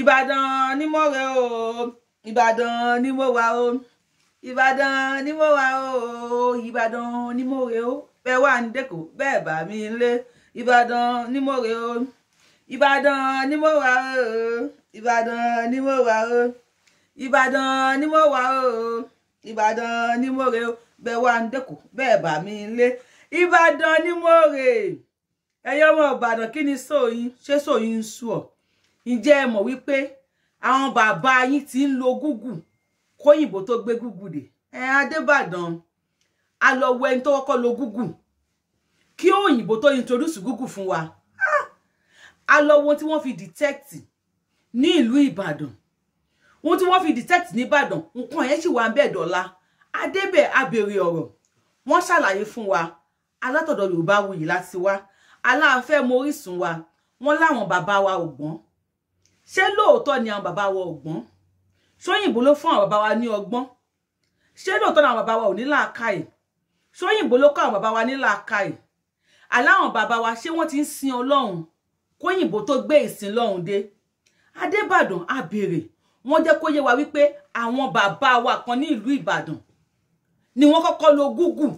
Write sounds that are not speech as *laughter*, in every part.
ìbàdàn ni mo rẹ o ìbàdàn ni mo wà o ìbàdàn ni mo wà o ìbàdàn ni mo rẹ o bẹ́ẹ̀ wà ní dẹkọ bẹ́ẹ̀ bá mi lé ìbàdàn ni mo rẹ o ìbàdàn ni mo wà o ìbàdàn ni mo wà o ìbàdàn ni mo wà o ìbàdàn ni mo rẹ o bẹ́ẹ̀ wà ní dẹkọ bẹ́ẹ̀ bá mi lé ìbàdàn ni mo rẹ ẹyọ ọmọ ìbàdàn kí ni sóyin ṣé sóyin ń sú ọ ǹjẹ́ ẹ mọ̀ wípé àwọn bàbá yín ti ń lo gúgù kóyìnbó tó gbé gúgù dè ẹ adébàdàn a lọ wo ẹni tó lo gúgù kí òyìnbó tó introduce gúgù fún wa ah! a lọ wo tí wọ́n fi detect ní ìlú ìbàdàn wọn tí wọ́n fi detect nìbàdàn nǹkan yẹn sì wà ń bẹ́ẹ̀ dọ́là adébẹ̀ abèrè ọ̀rọ̀ wọ́n ṣàlàyé fún wa alátọ̀dọ̀ yorùbá wuyì láti wá aláàfẹ́ mọ orísun wa wọ́n láwọn bàbá wa ò ṣé lóòótọ́ ni àwọn bàbá wa ọ̀gbọ́n ṣóyìnbó ló fún àwọn bàbá wa ní ọgbọ́n ṣé lóòótọ́ ni àwọn bàbá wa ò ní làákàyè ṣóyìnbó ló kọ́ àwọn bàbá wa ní làákàyè aláwọn bàbá wa ṣé wọ́n ti ń sin ọlọ́run kóyìnbó tó gbé ìsìn lọ́hùn dé adébàdàn á béèrè wọ́n jẹ́ kó yé wa wípé àwọn bàbá wa kan ní ìlú ìbàdàn ni wọ́n kọ́kọ́ lo google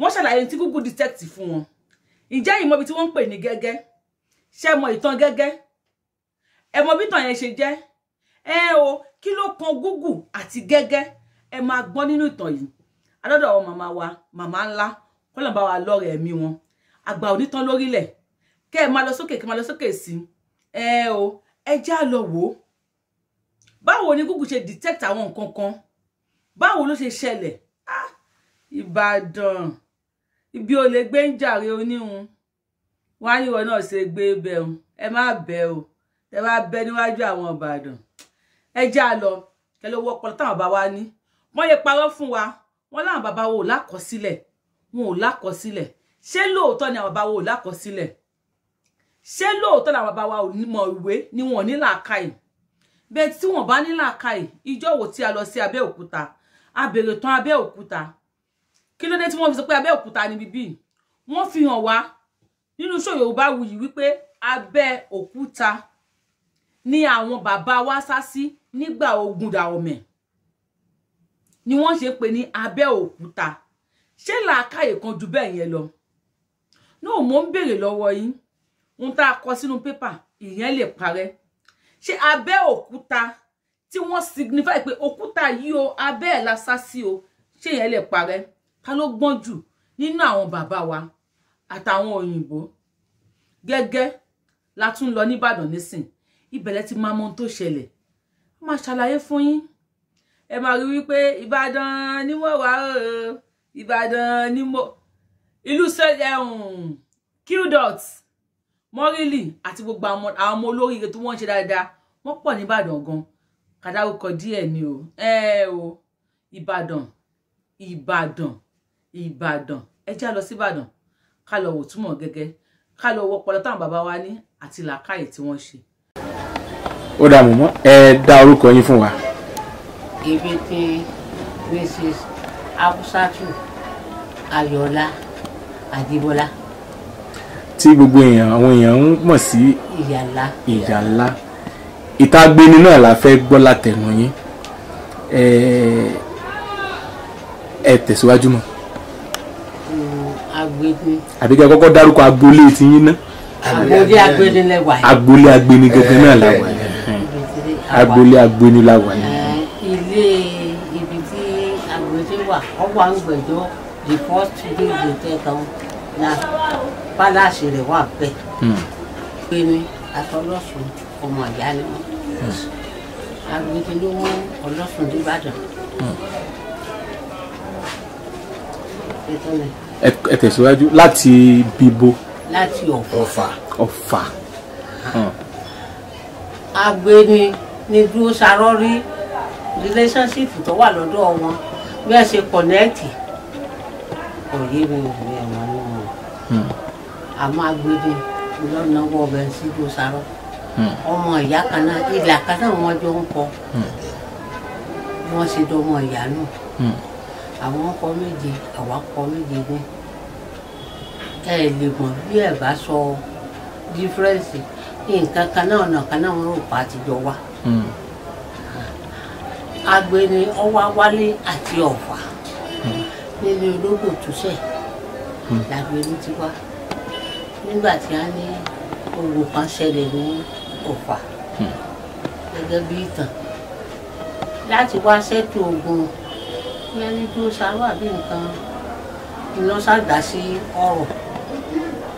wọ́n ṣàlàyé tí google detect fún wọn ǹjẹ́ ìmọ̀ ibi tí wọ́n ń pè ní gẹ́gẹ́ ṣé mọ ìtàn gẹ́gẹ́ ẹ mọ bí tàn yẹn ṣe jẹ́ ẹ o kí ló kan Google àti gẹ́gẹ́ ẹ máa gbọ́ nínú ìtàn yìí adọ́dọ̀ àwọn màmá wa màmá ńlá kọ́lọ̀ bá wa lọ́rẹ̀ ẹ̀mí wọn àgbà onítàn lórílẹ̀ kẹ́ ẹ máa lọ sókè kẹ́ máa lọ sókè sí ẹ o ẹ já lọ wò ó báwo ni Google ṣe detect àwọn nǹkan kan báwo ló ṣe ṣẹlẹ̀ ah Ìbàdàn ibi ò lè gbé ń jàre oníhun wọn á ní ìwọ náà ṣe gbé bẹ́ẹ̀ ẹ má bẹ́ẹ̀ o tẹ bá bẹ níwájú àwọn ìbàdàn ẹ já lọ kẹ ló wọpọlọ táwọn bàbá wa ní wọn lè parọ́ fún wa wọn láwọn bàbá wo lákọsílẹ̀ wọn ò lákọsílẹ̀ ṣé lóòótọ́ ni àwọn bàbá wo lákọsílẹ̀ ṣé lóòótọ́ làwọn bàbá wa ò mọ ìwé ni wọn ò ní làákàyè bẹ́ẹ̀ tí wọn bá ní làákàyè ìjọ wo tí a lọ sí Abẹ́òkúta a bèrè tán Abẹ́òkúta kí ló dé tí wọ́n fi sọ pé Abẹ́òkúta ni bíbí wọ́n fi hàn wá nínú ṣòyò bá wuyì wípé Abẹ́òkúta ni àwọn bàbá wa sá sí nígbà ogun Dahomey ni wọ́n ṣe ni ní Abẹ́òkúta ṣé làákàyè kan ju bẹ́ẹ̀ yẹn lọ náà mò ń béèrè lọ́wọ́ yín ohun tá a kọ sínú pépà ìyẹn lè parẹ́ ṣé Abẹ́òkúta tí wọ́n signify pé òkúta yìí o abẹ́ ẹ̀ la sá sí o ṣé ìyẹn lè parẹ́ ta ló gbọ́n jù nínú àwọn bàbá wa àtàwọn òyìnbó gẹ́gẹ́ la tún lọ nìbàdàn nísìn ìbẹ̀lẹ̀ ti máa mọ ohun tó ṣẹlẹ̀ ó máa ṣàlàyé fún yín ẹ máa rí wípé ìbàdàn ni mo wà o ìbàdàn ni mo ìlú qdot mọ́rílì àti gbogbo àwọn ọmọ olóríire tí wọ́n ń ṣe dáadáa wọ́n pọ̀ nìbàdàn gan kàdáwùkọ díẹ̀ ni o ẹ o ìbàdàn ìbàdàn ìbàdàn ẹ já lọ síbàdàn ká lọ wò túmọ̀ gẹ́gẹ́ ká lọ wọ ọpọlọ táwọn bàbá wa ní àti làákàyè tí wọ́n ṣe ó dà mọ̀mọ́ ẹ dá orúkọ yín fún wa. èmi ni mrs abusatu ayọ̀ọ́lá adébọ́lá. tí gbogbo èèyàn àwọn èèyàn ń mọ̀ sí. ìyàlá. ìyàlá ìta gbéni náà la fẹ́ gbọ́ látẹnu yín ẹ tẹ̀síwájú mọ́. agbeni. àbí kí ẹ kọ́kọ́ dárúkọ agboolé tiyín ná. agboolé agbeni lẹ́wà. agboolé agbeni gẹ́gẹ́ náà làwà yẹn agboolé agbóni la wà yìí. ilé ibi tí agbèjì wà ọwọ́ àgbẹ̀jọ́ the first day the tẹ̀kan na palace rẹ̀ wà bẹ́ẹ̀. pé hmm. mi àtọlọ́sùn ọmọ ìyá ni wọ́n hmm. agbèjì ló mú ọlọ́sùn dìbàdàn. Hmm. ẹ tẹ̀síwájú láti bíbo. láti ọ̀fà. ọ̀fà. agbẹ́ni ni dúró sarọ́rí relationship tó wà lọ́dọ̀ wọn bí ẹ ṣe connect kò yé mi ò rí ẹ̀wọ̀n ní wọn àmọ́ hmm. agbede lọ́nà wọ ọbẹ̀ sí dúró sarọ́ hmm. ọmọ ìyá kan náà ìlà kan náà wọ́n jọ ń kọ hmm. wọ́n ṣe dọ́mọ ìyá náà àwọn ọkọ méje àwọn ọkọ méje ní ẹ lè mọ̀ bí ẹ bá sọ dífírẹ́ǹsì nǹkan kan náà ọ̀nà kan náà wọn ò pa àtijọ́ wa. Hmm. agbeni ọwá wálé àti ọ̀fà hmm. nílé ológbò túṣẹ̀ hmm. làgbeni ti wá nígbà tí a ní owó kan ṣẹlẹ̀ ní ọ̀fà gẹ́gẹ́ bí ìtàn láti wá ṣètò ogun yẹn ní bí ó ṣàrò àbí nǹkan iná ṣàgbà sí ọ̀rọ̀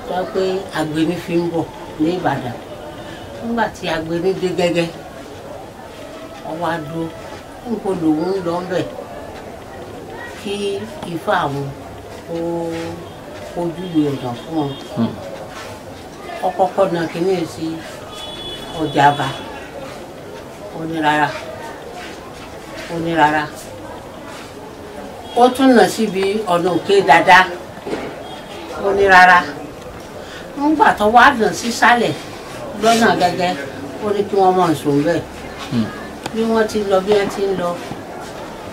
tó pé agbeni fi ń bọ̀ ní Ìbàdàn nígbà tí agbeni dé gẹ́gẹ́ ọwọ́ adúró nǹkan lòun ń lọ bẹ̀ kí ifá àwọn ó ojú ìwé ọ̀dàn fún ọ. Hmm. ọkọ̀ọ̀kọ̀ náà kìíní sí ọjà bá onírara onírara ó tún nà síbi ọ̀nà òkè dáadáa onírara nígbà tó wá nà sísàlẹ̀ lọ́nà gẹ́gẹ́ ó ní kí wọ́n mọ̀ nsọ bẹ́ẹ̀. Hmm bí wọ́n ti lọ bí wọ́n ti ń lọ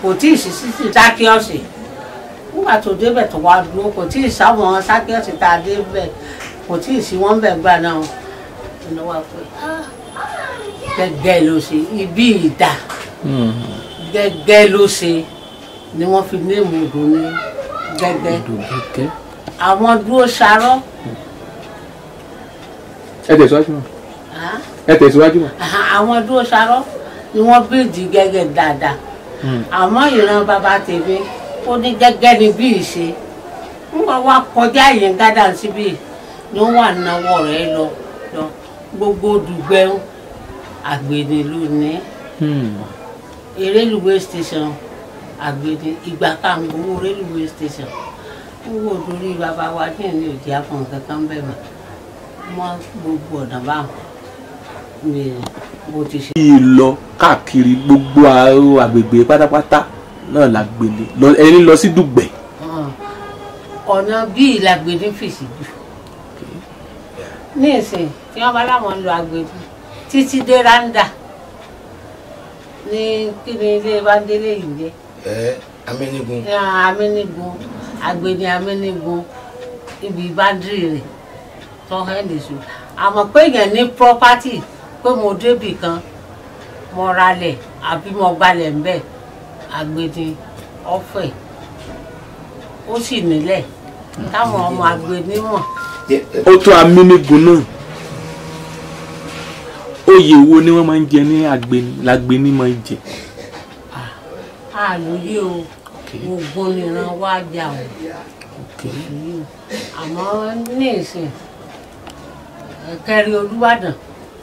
kò tí ì sí títì sákíọ̀sì nígbà tó débẹ̀ tó wá dúró kò tí ì sáwọn sákíọ̀sì tá a débẹ̀ kò tí ì sí wọ́n bẹ̀ gbà náà ìnáwó wa pé gẹ́gẹ́ ló ṣe ibi ìdá hmm. gẹ́gẹ́ ló ṣe ni wọ́n fi ní ìmùdó ní gẹ́gẹ́ àwọn dúró sarọ́. ẹ tẹ̀síwájú mọ́ ẹ tẹ̀síwájú mọ́. àwọn dúró sarọ́ ni wọ́n bíìdì gẹ́gẹ́ dáadáa hmm. àmọ́ ìran bàbá tèmi ó ní gẹ́gẹ́ ni bí ìṣe ń wá wá kọjá yẹn gádà síbí ni wọ́n wà náwó rẹ̀ lọ lọ gbogbo dùgbẹ́ àgbèdè ló ní hmm. rélùwé station àgbèdè ìgbà kàǹgó rélùwé station ń wò lórí bàbá wa díẹ̀ ní òjì àpọ̀n kankan bẹ́ẹ̀ mọ́ gbogbo ọ̀nà báwọn kí n lọ káàkiri gbogbo agbègbè pátápátá náà la gbélé ẹni lọ sí dùgbẹ́. ọ̀nà bíi làgbèdè fèsì jù ní ìsìn tí wọ́n bá láwọn ń lo àgbèdè títí dé randa ní kí ni ilé bandele yìí jẹ́. ẹ amínigun. amínigun àgbèdè amínigun ibi bandiri rẹ̀ tọ́hẹ́ndì sùn àmọ́ pé èèyàn ní property pé mo débì kan mo ralẹ̀ àbí mo gbalẹ̀ ń bẹ̀ agbede ọ̀fẹ́ ó sì nílẹ̀ táwọn ọmọ agbede mọ̀. ó tó amínigun náà oyè wo ni wọ́n máa ń jẹ ní agbeni lágbeni máa ń jẹ. àlòyé o gbogbo nìran wá jà o àmọ́ ní ìsìn kẹrin Olúbàdàn.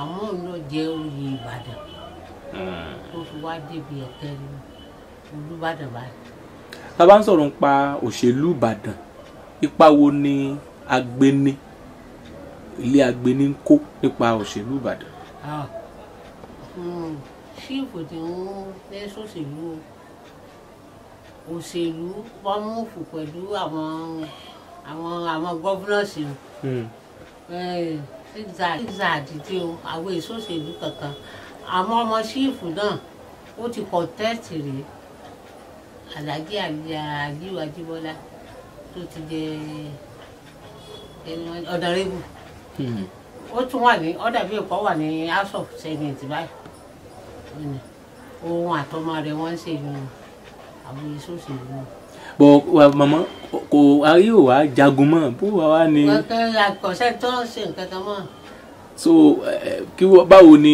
àmọ́ ló jẹ oyè ìbàdàn tó hmm. fi wá débi ẹ̀tẹ́ olùbàdàn báyìí. tá a bá ń sọ̀rọ̀ nípa òṣèlú ìbàdàn ipa wo ni agbeni ilé agbeni ń kó nípa òṣèlú ìbàdàn. Hmm, ṣíìfù tí wọ́n fẹ́ sọ̀ṣèlú òṣèlú wọ́n mú fò pẹ̀lú àwọn àwọn àwọn gọ́fúnọ̀sì ìzà àdìde o àwọn èso òṣèlú kankan àwọn ọmọ síìfù náà ó ti kọ tẹ́ẹ̀tì rèé aláàjì àjíwò àjíbọ́lá tó ti jẹ ọ̀dàrẹ́bù hmm. ó tún wà ní ọ̀dàbí ẹ̀kọ́ wà ní house of báyìí ohun àtọmọ rẹ̀ wọ́n ń ṣe ìyọ̀n àwọn èso òṣèlú náà bọ màmá kò ayé o wá jagun mọ́ bó wà wá ni. àkọsẹ́ tó ń ṣe nǹkan kan mọ́. so eh, kí báwo ni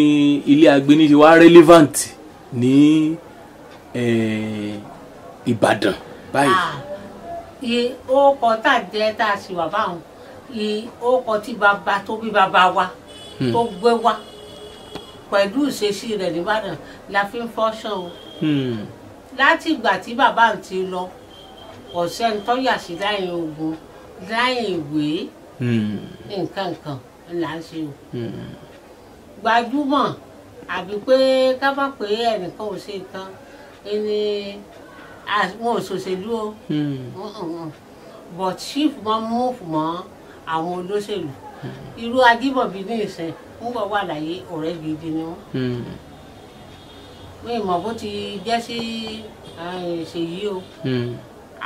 ilé agbéni ṣe wá relevant ní eh, Ìbàdàn báyìí. ó ah, kọ tá a jẹ tá a sì wà báwọn ó kọ tí bàbá tó bí ba wa hmm. tó gbé wa pẹ̀lú ìṣesí rẹ̀ nìbàdàn la fi ń fọ́ṣàn o. Hmm. láti ìgbà tí bàbá ń ti lọ. Hmm ọ̀sẹ̀ ń tọ́yà sí láyìn ogun láyìn ìwé hmm. nǹkan kan là ń ṣe o. Hmm. gbajúmọ̀ àbí pé ká má pé ẹnìkan ò ṣe tán ẹni wọn ò ṣòṣèlú o hmm. but chief mọ move mọ àwọn olóṣèlú irú ajímọ̀bí ní ìsìn ń bọ̀ wà láyé ọ̀rẹ́ gidi ni wọ́n mi ìmọ̀ bó ti jẹ́ sí ṣèyí o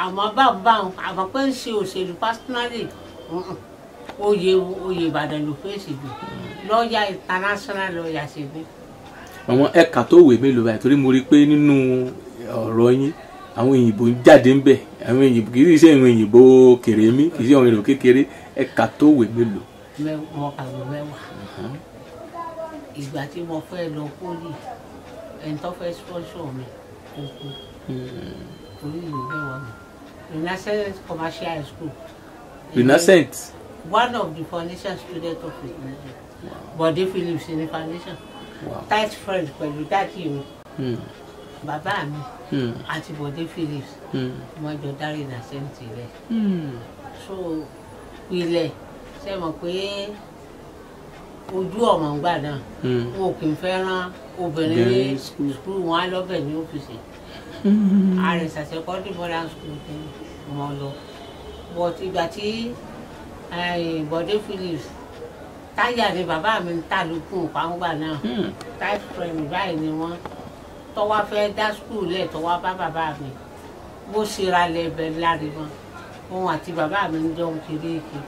àmọ́ bàbá àmọ́ pé ń ṣe òṣèlú personally oyè oyè Ìbàdàn ló fèsì jù lọ́ọ̀yà international lọ́ọ̀yà ṣe ní. àwọn ẹ̀ka tó wè mélòó báyìí torí mo rí i pé nínú ọ̀rọ̀ yín àwọn òyìnbó ń jáde ń bẹ̀ àwọn òyìnbó kì í ṣe àwọn òyìnbó kéré mi kì í ṣe àwọn òyìnbó kékeré ẹ̀ka tó wè mélòó. mo kà ló mẹ́wàá uh-huh. ìgbà tí mo fẹ́ lọ pólì ẹni tó fẹ́ sponsor mi kò kú hmm. orí ìlú mẹ́wàá mi. Renaissance Commercial School. Renaissance. One of the foundation students of Renaissance. Wow. Bọ̀dé Phillips ní foundation. Wow. Tight friend pẹ̀lú dákì mi. Hmm. Bàbá mi hmm. àti Bọ̀dé Phillips. Hmm. Wọ́n jọ dá Renaissance rẹ̀. So ilẹ̀ ṣe mọ̀ pé ojú ọ̀mọ̀ ń gbà náà. Wọn ò kì í fẹ́ràn obìnrin ní sukùl wọn lọ́bẹ̀ ní ọ́fíìsì àrìnsà secondary modern school ni mo lọ but ìgbà tí eh, bọ́dé phillips táyà ni bàbá mi ń ta lóko pàǹgbà náà hmm. type frame báyìí ni wọ́n tọ́wá fẹ́ dá school lẹ̀ tọ́wá bá bàbá mi bó ṣe ra lẹ́bẹ̀ láre wọn òun àti bàbá mi ń jọ kiri èké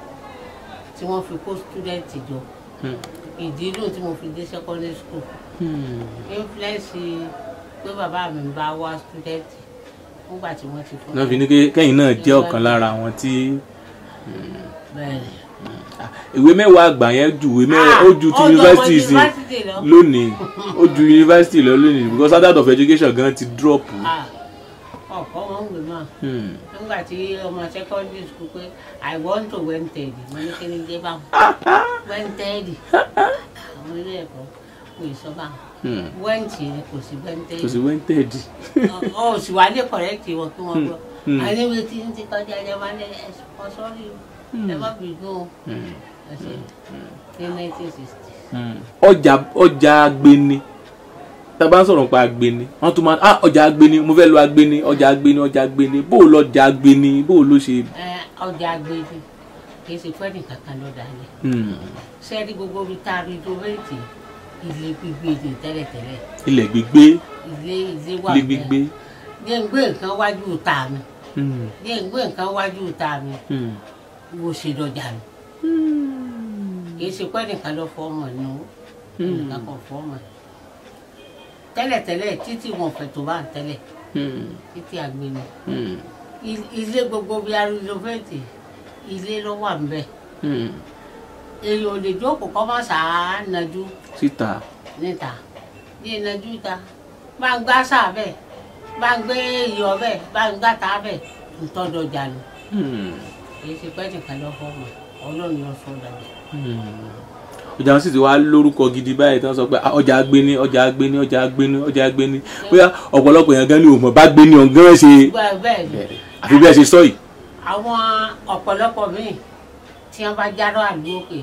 tí wọ́n fi kó student jọ hmm. ìdí inú tí mo fi dé secondary school hmm. influence. Hmm pé bàbá mi ń bá wá student nígbà tí wọ́n ti fọ́. náà fi ní kẹ́yìn náà jẹ́ ọ̀kan lára àwọn tí. Ah, ìwé mẹ́wàá àgbà yẹn ju ìwé mẹ́wàá ah, ó ju ti yunifásitì sí lónìí ó ju yunifásitì lọ lónìí because standard of education gan ti drop. Ah, ọ̀pọ̀ wọn ń gbé mọ́ hmm. nígbà tí ọmọ secondary school pé i want to wanted mo ní kí ni dé bá wọn *laughs* wanted àwọn ilé ẹ̀kọ́ kò ì sọ bá wẹ́ǹtì kò sí wẹ́ǹtẹ̀dì. kò sí wẹ́ǹtẹ̀dì. *laughs* ọ ò sì wá lè kọ̀rẹ́tì wọn kí wọ́n hmm, gbọ́. Hmm. àníwèé tí ń ti kọjá ẹja máa ń lé ẹ̀sọ́ sọ́rí hmm. ẹ má bì gó o. ní nineteen sixty. ọjà ọjà agbeni tá a bá ń sọ̀rọ̀ nípa agbeni wọ́n tún máa ah ọjà agbeni mo fẹ́ lọ agbeni ọjà agbeni ọjà agbeni bó o lọ ọjà agbeni bó o lọ ṣe. ọjà agbeni kì í ṣe fẹ́ẹ̀nì kankan lọ́dà yẹn. sẹ́ẹ̀dì gbogbo mi tá a rí doméètì yìí ilé gbígbé ni tẹ́lẹ̀tẹ́lẹ̀. ilẹ̀ gbígbé. ilé ilé wà bẹ́ẹ̀ ilé gbígbé. jẹ́ ń gbé nǹkan wájú ta mi. Hmm. jẹ́ ń gbé nǹkan wájú ta mi. wo hmm. ṣe dọjà mi. Hmm. kì í ṣe pé nìkan lọ fọ́ ọmọ nù nìkan kan fọ́ ọmọ. tẹ́lẹ̀tẹ́lẹ̀ títí wọn fẹ́ tó bá ń tẹ́lẹ̀. títí àgbẹ̀ni. ilé gbogbo bíi arúgbó fẹ́ǹtì ilé ló wà ń bẹ̀ èèyàn ò lè jókòó kọ́ mọ́ sàá nàjú. síta. níta ní ìnàjú ta bá ń gbá sáà bẹ́ẹ̀ bá ń gbé iyọ̀ bẹ́ẹ̀ bá ń gbá ta bẹ́ẹ̀ ntọ́jọ́ jànú. èyí hmm. ti pẹ́ nìkan lọ fọ́ ọmọ ọlọ́run lọ fọ́ dàgbà. ọjà wọn hmm. sì ti wá lórúkọ gidi báyìí tí wọn sọ pé ah, ọjà agbéni ọjà agbéni ọjà agbéni ọjà agbéni bóyá ọ̀pọ̀lọpọ̀ èèyàn gan ni òmò bá gbéni ọ̀gán ẹ̀ ṣe àfi bí ẹ ṣe sọ yìí. àwọn ọ̀pọ̀lọpọ̀ míì tí wọ́n bá járọ àlú òkè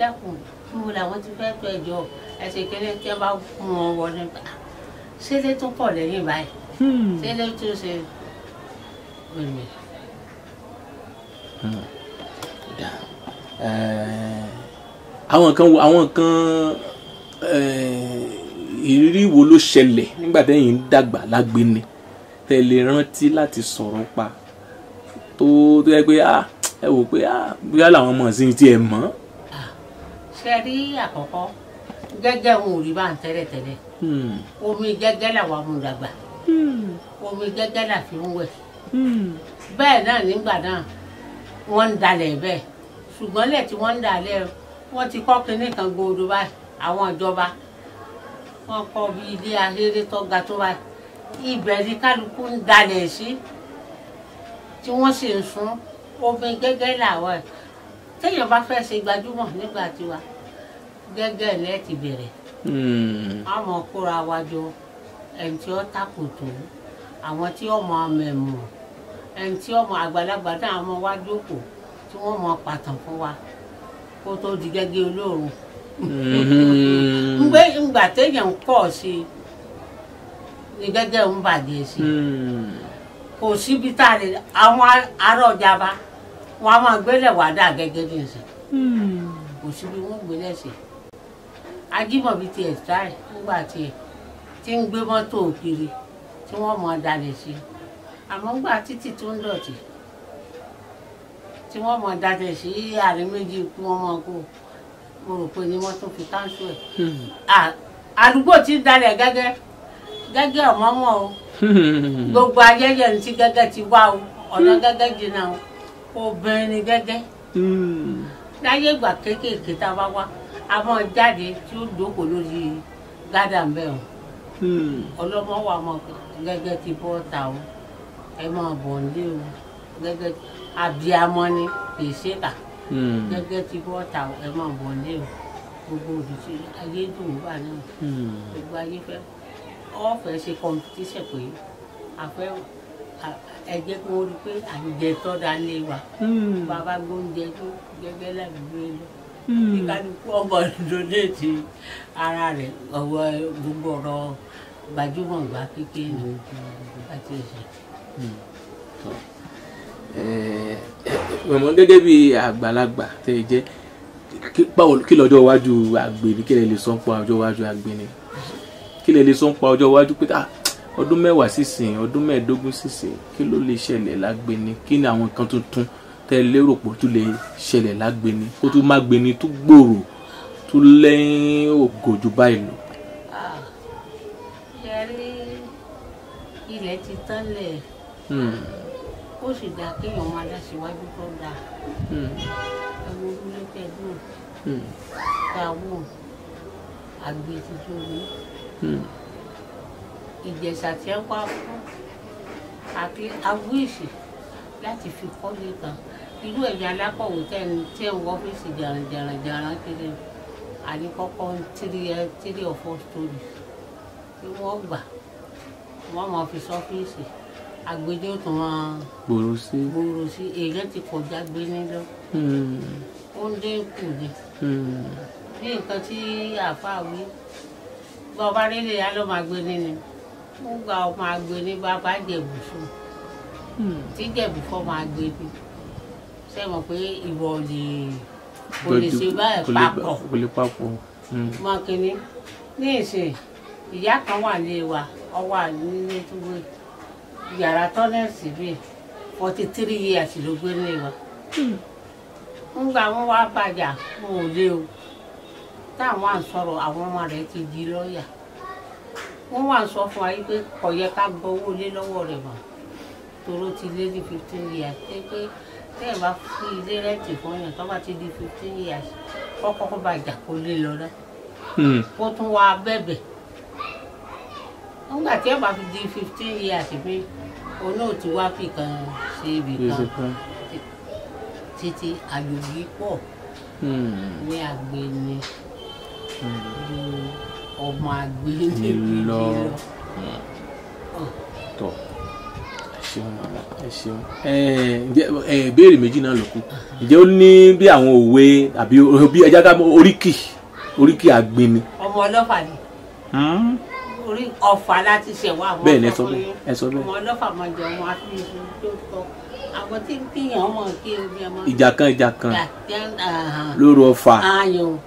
dákun kí wo làwọn ti fẹ́ tó ẹjọ́ ẹsẹ̀ kéré tí wọ́n bá kún wọn wọlé sílé tó pọ̀ lẹ́yìn báyìí sílé hmm. tó ṣe òní. Hmm. àwọn kan àwọn kan ìrírí wo ló ṣẹlẹ̀ nígbà tẹ́yìn ń dàgbà lágbè ni tẹ́ lè rántí láti sọ̀rọ̀ pa tó tó yẹ pé ah ẹ wò pé ah, bóyá làwọn ọmọ sí ti ẹ mọ́. ṣe rí àkọ́kọ́ gẹ́gẹ́ òun ò rí bá ń tẹ́lẹ̀ tẹ́lẹ̀ hmm. omi gẹ́gẹ́ làwọn ọmọ ìdàgbà hmm. omi gẹ́gẹ́ là fi ń wẹ̀ hmm. bẹ́ẹ̀ náà nígbà náà wọ́n ń dalẹ̀ bẹ́ẹ̀ ṣùgbọ́n lẹ̀ tí wọ́n ń dalẹ̀ wọ́n ti kọ́ kinní kan gbòòdò báyìí àwọn ìjọba wọ́n kọ́ bí ilé ahéré tó ga tó báyìí ibẹ̀ ni kálukú ń dalẹ̀ sí tí wọ́n sì ń sún obìnrin gẹ́gẹ́ làwa ẹ̀ téèyàn bá fẹ́ ṣe gbajúmọ̀ nígbà tiwa gẹ́gẹ́ lẹ́ ti bẹ̀rẹ̀ àwọn hmm. kóra wa jọ ẹni tí ó takòtò àwọn tí ó mọ mẹ̀mọ̀ ẹni tí ó mọ àgbàlagbà náà mọ wá jókòó tí wọ́n mọ pàtàn fún wa kó tó di gẹ́gẹ́ olóòrùn hmm. *laughs* ngbé ngbà téèyàn ń sí ni gẹ́gẹ́ ń bàjẹ́ sí kò síbi tá a lè àwọn ará ọjà bá wọn a máa gbélé wà dà gẹ́gẹ́ bí ẹ̀sìn hmm. kò síbi wọn gbélé sí ajímọ̀bí tiẹ̀ táì nígbà tiẹ̀ tí ń gbé mọ́tò kiri tí wọ́n mọ̀ dalẹ̀ sí àmọ́ gbà títì tó ń dọ̀tí tí wọ́n mọ̀ dalẹ̀ sí àárín méjì kí wọ́n mọ̀ kó mo rò pé ni wọ́n fi káńsù ẹ̀ hmm. àdúgbò tí ń dalẹ̀ gẹ́gẹ́ gẹ́gẹ́ ọ̀mọ́mọ́ o. *laughs* gbogbo ayẹyẹ ní ti gẹ́gẹ́ ti wá o ọ̀nà hmm. gẹgẹ jìnnà o obìnrin ni gẹgẹ hmm. láyé ìgbà kéékèèké tá a bá wá a máa jáde tí ó dóko lórí gádà ń o hmm. ọlọ́mọ wa mọ ti bọ́ ta o ẹ máa bọ̀ nílé o ni kà ti bọ́ ta o ẹ bọ̀ nílé o gbogbo ayé dùn wà náà gbogbo ayé ọ̀fẹ́ ṣe competition pé àfẹ́ ẹgbẹ́ kí wọ́n rí pé àjẹ tó dá lé wa hmm. bàbá gbóúnjẹ tó gẹ́gẹ́ láti gbé lọ hmm. kíkálukú *laughs* ọmọ donate ara rẹ̀ ọwọ́ gbogbo ọ̀rọ̀ gbajúmọ̀ gbà kékeré hmm. àti ẹ̀sẹ̀ eh, mọ̀mọ́ gẹ́gẹ́ bí àgbàlagbà tẹ́ ẹ jẹ́ kí lọ́jọ́ iwájú àgbè ní kí ẹ lè sọ pé iwájú àgbè ni kí lè lè sọ ń pa ọjọ́ iwájú pé ah, ọdún mẹ́wàá sísìn ọdún mẹ́ẹ̀ẹ́dógún sísìn kí ló lè ṣẹlẹ̀ lágbèní kí ni àwọn nǹkan tuntun tẹ́ lérò pé tó lè ṣẹlẹ̀ lágbèní kó tó má gbèní tó gbòòrò tó lẹ́yìn ògo jù báyìí lọ. ṣe ah, rí ilẹ̀ ti tán lẹ̀ hmm. ó sì dáa kéèyàn máa dá síwájú tó dáa ẹ̀wọ̀n hmm. olùlẹ́tẹ̀ẹ́dùn hmm. tàwọn àgbẹ̀ tuntun yìí ìjẹ̀ṣà tí ẹ wá fún àti awíṣì láti fi kọ́lé kan irú ẹ̀yìn alákọ̀wé tẹ́ ń wọ́fíìsì jàrànjàrànjàràn kiri àníkọ́kọ́ three or four story tí wọ́n gbà wọ́n máa fi sọ́fíìsì àgbèjì ó tún máa gbòòrò sí gbòòrò sí èèyàn ti kọjá gbé nílọ hmm. ó ń dín kù ni bí hmm. nǹkan tí àáfàá wí bàbá nílé ìyá ló máa gbé ní ni gba ọmọ agbe ní bàbá jẹ̀bù fún hmm. tí jẹ̀bù fún ọmọ agbe ṣe mọ pé ìwọ lè kò lè ṣe báyìí papọ̀ kò lè papọ̀. Hmm. mọ kínní ní ìsìn wa ọwọ́ àníní tó gbé yàrá tọ́lẹ̀sì bíi forty three years ló gbé ní wa. ń hmm. gbà wọn wá bàjá wọn ò táwọn à ń sọ̀rọ̀ àwọn ọmọ rẹ̀ ti di lọ́ọ̀yà wọ́n wà ń sọ fún wa pé kò yẹ ká gbọ́ lé lọ́wọ́ rẹ̀ mọ́ toró ti lé ní fifteen years ṣé pé tẹ́ ẹ̀ bá fún ilé rẹ́ǹtì fún yàn tó ti di fifteen years kọ́kọ́ kó bá jà kó lé lọ náà kó hmm. tún wá bẹ̀bẹ̀ nígbà tí ẹ̀ bá fi di fifteen years mi òun náà ti wá fi kan ṣe ibì kan títí àyòyí pọ̀ hmm. ní àgbẹ̀ ni ju hmm. ọmọ àgbè níbi lọ hmm. tọ ẹ ṣeun ẹ ṣeun ẹ ìbéèrè méjì náà ló kù ǹjẹ́ ó ní bí àwọn òwe àbí bí ẹja ká oríkì oríkì àgbìnni. ọmọ ọlọ́fà ni hmm? orí ọ̀fà láti ṣẹ̀wá àwọn ọmọ ọkùnrin ọmọ ọlọ́fà máa jẹun àti ìṣòro tó tọ́ àwọn ìjà kan ìjà kan lóru ọfà. ayọ̀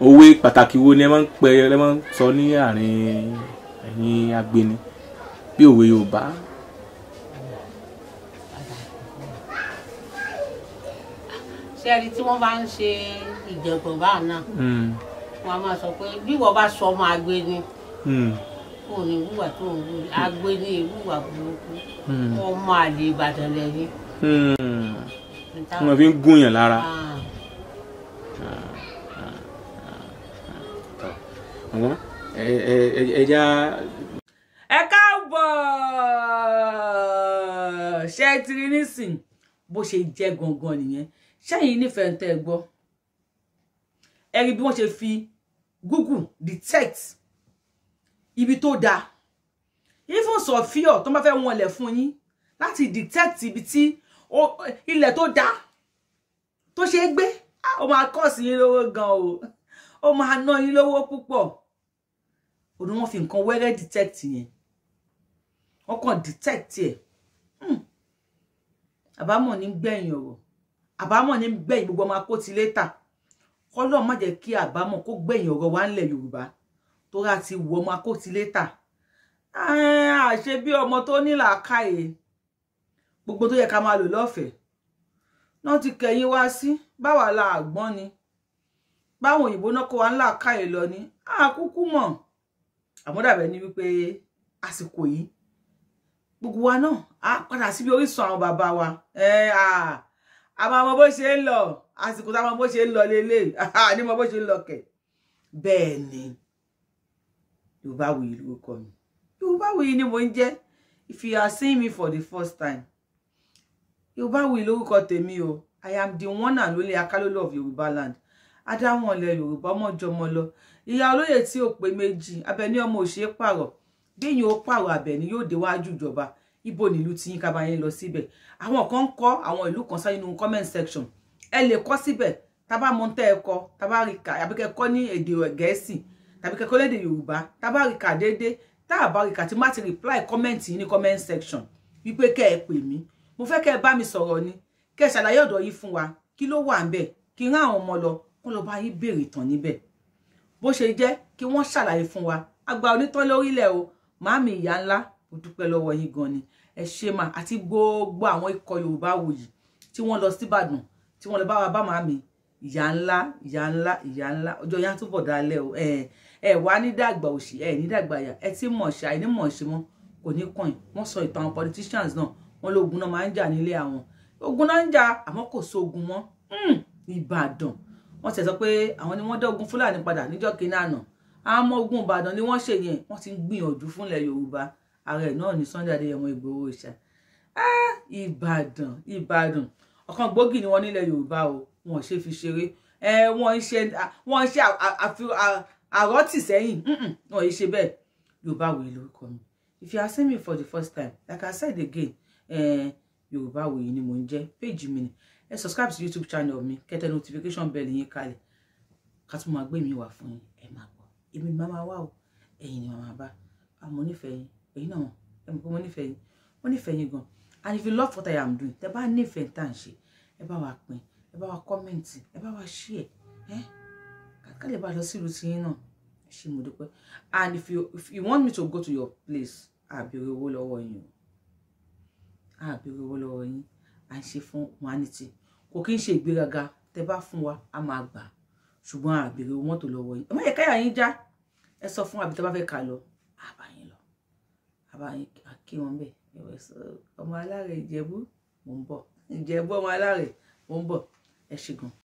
hmm. pàtàkì wo ni ẹ máa ń pẹ ẹ máa ń sọ ní àárín ẹ̀yin agbeni bí òwe Yorùbá. ṣé ẹni tí wọ́n bá ń ṣe ìjẹ̀gbọ̀n báà náà hmm. wọ́n á máa sọ pé bí wọ́n bá sọ ọmọ agbeni. Hmm kò ní wúwà tó ń wú hmm. agbé ní ìwúwà burúkú hmm. ọmọ àlè Ìbàdàn lẹ́yìn. Hmm. wọn fi ń gún yàn lára. ẹ káàbọ̀ ṣé ẹ ti nísìn bó ṣe jẹ́ gangan nìyẹn ṣẹ́yìn nífẹ̀ẹ́ tẹ́ ẹ gbọ́ ẹ rí bí wọ́n ṣe fi Google detect ibi tó dáa even sofia tó máa fẹ́ wọnlẹ̀ fún yín láti detect ibi tí ilẹ̀ tó dáa tó ṣe gbé ó máa cost yín lówó gan o ó máa ná yín lówó púpọ̀ ò ní wọ́n fi nǹkan wẹ́rẹ́ detect yẹn wọ́n kàn detect ẹ̀ hmm. àbámọ̀ ní gbẹ̀yìn ọ̀rọ̀ àbámọ̀ ní gbẹ̀yìn gbogbo ọmọ akótilétà kọ́lọ́ má jẹ́ kí àbámọ̀ kó gbẹ̀yìn ọ̀rọ̀ wa ńlẹ̀ yorùbá tó rà ti wù ọmọ akótilétà àṣe bí ọmọ tó ní làákàyè gbogbo tó yẹ ká máa lò lọ́fẹ̀ẹ́ náà ti kẹ̀yìn wá sí báwa la àgbọ́n ni báwọn òyìnbó náà kó wa ń làákàyè lọ ni àkúkú mọ̀ àmọ́dàbẹ̀ ni wípé àsìkò yìí gbogbo wa náà á padà síbi orísun àwọn bàbá wa àmọ́ ọmọ bó ṣe ń lọ àsìkò táwọn ọmọ bó ṣe ń lọ lélẹ̀ *laughs* ní ọmọ bó ṣe ń lọ kẹ̀ bẹ́ẹ̀ ni. Yorùbáwùyí lórúkọ mi Yorùbáwùyí ni mò ń jẹ́ if you are seeing me for the first time Yorùbáwùyí lórúkọ tèmi o I am the one and only akalolo of Yorùbá land adáwọn ọlẹ Yorùbá ọmọjọmọ lọ ìyá olóyè tí ò pé méjì Abẹ́ní ọmọ òṣèré pààrọ̀ gbẹ̀yìn ó pààrọ̀ Abẹ́ní yóò déwájú ìjọba ibo nílùú tí yín ká bá yín lọ síbẹ̀ àwọn kan ń kọ àwọn ìlú kan sáyé nínú comment section ẹ lè kọ síbẹ̀ tábà mọ tẹ ẹ kọ tábà rí ká àbíkẹ kọ ní èdè Gẹ̀ẹ́sì tàbí kẹ́kọ̀ọ́ lédè yorùbá tá a bá rí kà déédé tá a bá rí kà tí má ti reply comment yìí ní comment section wípé kẹ́ ẹ pè mí mo fẹ́ kẹ́ ẹ bá mi sọ̀rọ̀ ni kẹ́ ẹ ṣàlàyé ọ̀dọ̀ yìí fún wa kí ló wà ń bẹ̀ kí rán àwọn ọmọ lọ kó lọ bá yín béèrè tán níbẹ̀ bó ṣe jẹ́ kí wọ́n ṣàlàyé fún wa àgbà onítàn lórílẹ̀ o màámi ìyá ńlá mo dúpẹ́ lọ́wọ́ yín gan ni ẹ ṣe mà àti gbogbo àwọn ikọ̀ yorùbá wòyí tí wọ́n lọ síbàdàn tí wọ́n lọ bá wa bá màámi ìyá ńlá ìyá ńlá ìyá ńlá ọjọ́ yá tó bọ̀ dálẹ̀ o ẹ ẹ wá ní dàgbà òṣì ẹ ní dàgbà yà ẹ tí mọ̀ ṣe àìní mọ̀ ṣe mọ́ kò ní kàn yín wọ́n sọ ìtàn àwọn politicians náà wọ́n lóògùn náà máa ń jà nílé àwọn ogun náà ń jà àmọ́ kò sóògùn mọ́ hmm, ìbàdàn wọ́n ti pé àwọn ni wọ́n dá ogun fúlàní padà níjọ́ kínní àná àmọ́ ogun ìbàdàn ni wọ́n ṣe yẹn wọ́n ti ń gbìyànjú fúnlẹ̀ yorùbá ààrẹ náà ní sunday adéyẹmọ ìgbòho ìṣà ah, ìbàdàn ìbàdàn ọ̀kan gbòógì ni wọ́n nílẹ̀ yorùbá o wọn ò ṣe fi ṣeré ẹ wọn ṣe wọn ṣe àrọ́tì sẹ́yìn wọn ṣe bẹ́ẹ̀ yorùbá wòye lórúkọ mi if you are seeing me for the first time like i said again yorùbá wòye ni mò ń jẹ́ péjì mi ni ẹ subscribe to youtube channel mi kẹtẹ notification bell yín kalẹ̀ ká tún máa gbé mi wá fún yín ẹ máa gbọ́ èmi ni màmá wà o ẹ̀yin ni màmá bá àmọ́ nífẹ̀ẹ́ yín ẹ̀yin náà ẹ mọ̀ pé mo nífẹ̀ẹ́ yín mo nífẹ̀ẹ́ yín gan and if you love what i am doing tẹ bá nífẹ̀ẹ́ tá à ń ṣe ẹ bá wa pín ẹ bá wa kọ́mẹ̀ǹtì ẹ bá wa ṣí ẹ ẹ ká lè bá a lọ sí ìlú tiyín náà ṣé mo dúpẹ́ and if you if you want me to go to your place àbẹ̀rẹ̀ owó lọ́wọ́ yín o àbẹ̀rẹ̀ owó lọ́wọ́ yín à ń ṣe fún humanity kò kí ń ṣe ìgbéraga tẹ bá fún wa a máa gbà ṣùgbọ́n àbẹ̀rẹ̀ owó mọ́tò lọ́wọ́ yín ẹ má yẹ káyà yín já ẹ sọ fún àbí tẹ bá fẹ́ kà lọ àbá yín lọ àbá yín kí wọn bẹ̀ ọmọ aláàrẹ ìjẹ̀bú mò ń bọ̀ *laughs* ìjẹ̀bú ọmọ aláàrẹ mò ń bọ̀ É chegou.